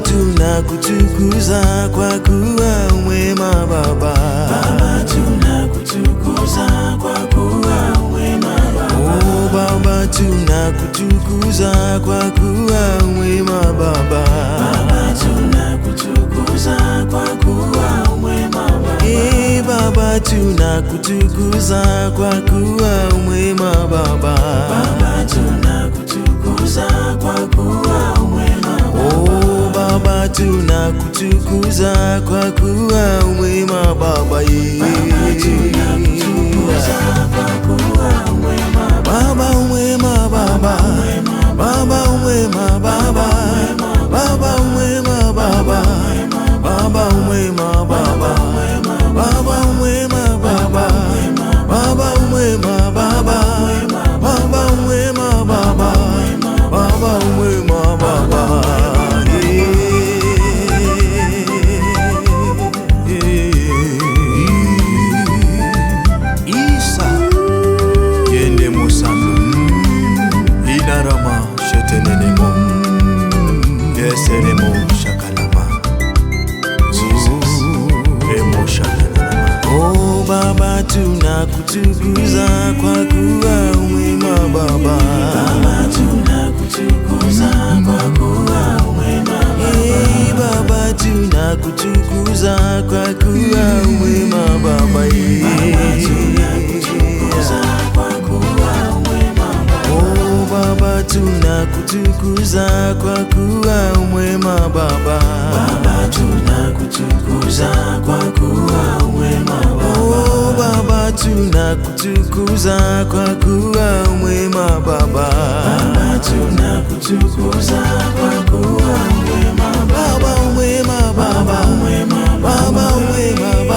Baba tunakutukuza kwa kuwa mwema Baba, Baba tunakutukuza kwa kuwa umwema Baba, oh, Baba tunakutukuza kwa kuwa mwema Baba, Baba tunakutukuza kwa kuwa eh, kwa kuwa umwema Baba tunakutukuza kwa kuwa mwema Baba ye. Baba umwema Baba Oh Baba, tunakutukuza kwa kuwa umema Baba, Baba tunakutukuza kwa kuwa umema eh, Baba, tunakutukuza kwa kuwa umema Baba, hey, eh. Baba tunakutukuza kwa kuwa umwema Baba. Baba tunakutukuza kwa kuwa umwema Baba. Oh, Baba tunakutukuza kwa kuwa umwema Baba. Baba tunakutukuza kwa kuwa umwema Baba. Baba umwema Baba. Baba umwema Baba.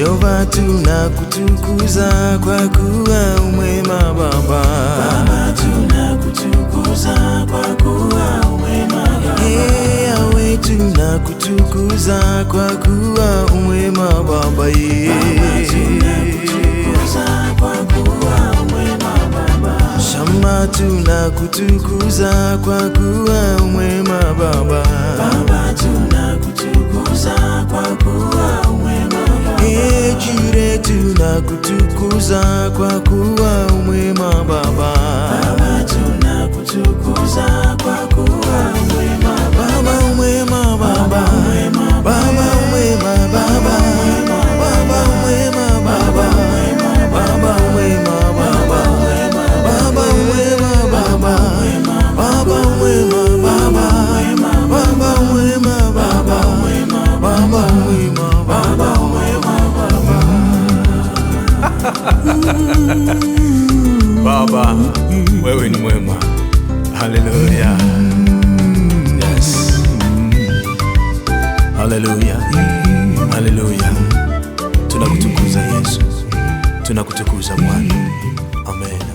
Jehova tunakutukuza kwa kuwa umwema Baba. Baba tunakutukuza kwa kuwa umwema Baba. Hey, awe tunakutukuza kwa kuwa umwema Baba ye. Baba tunakutukuza kwa kuwa umwema Baba. Baba tunakutukuza kwa kuwa umwema Baba. Baba, Kile tunakutukuza kwa kuwa umwema Baba, Baba tunakutukuza kwa kuwa Baba, wewe ni mwema. Haleluya. Yes. Haleluya. Haleluya. Tunakutukuza Yesu. Tunakutukuza Bwana. Amen.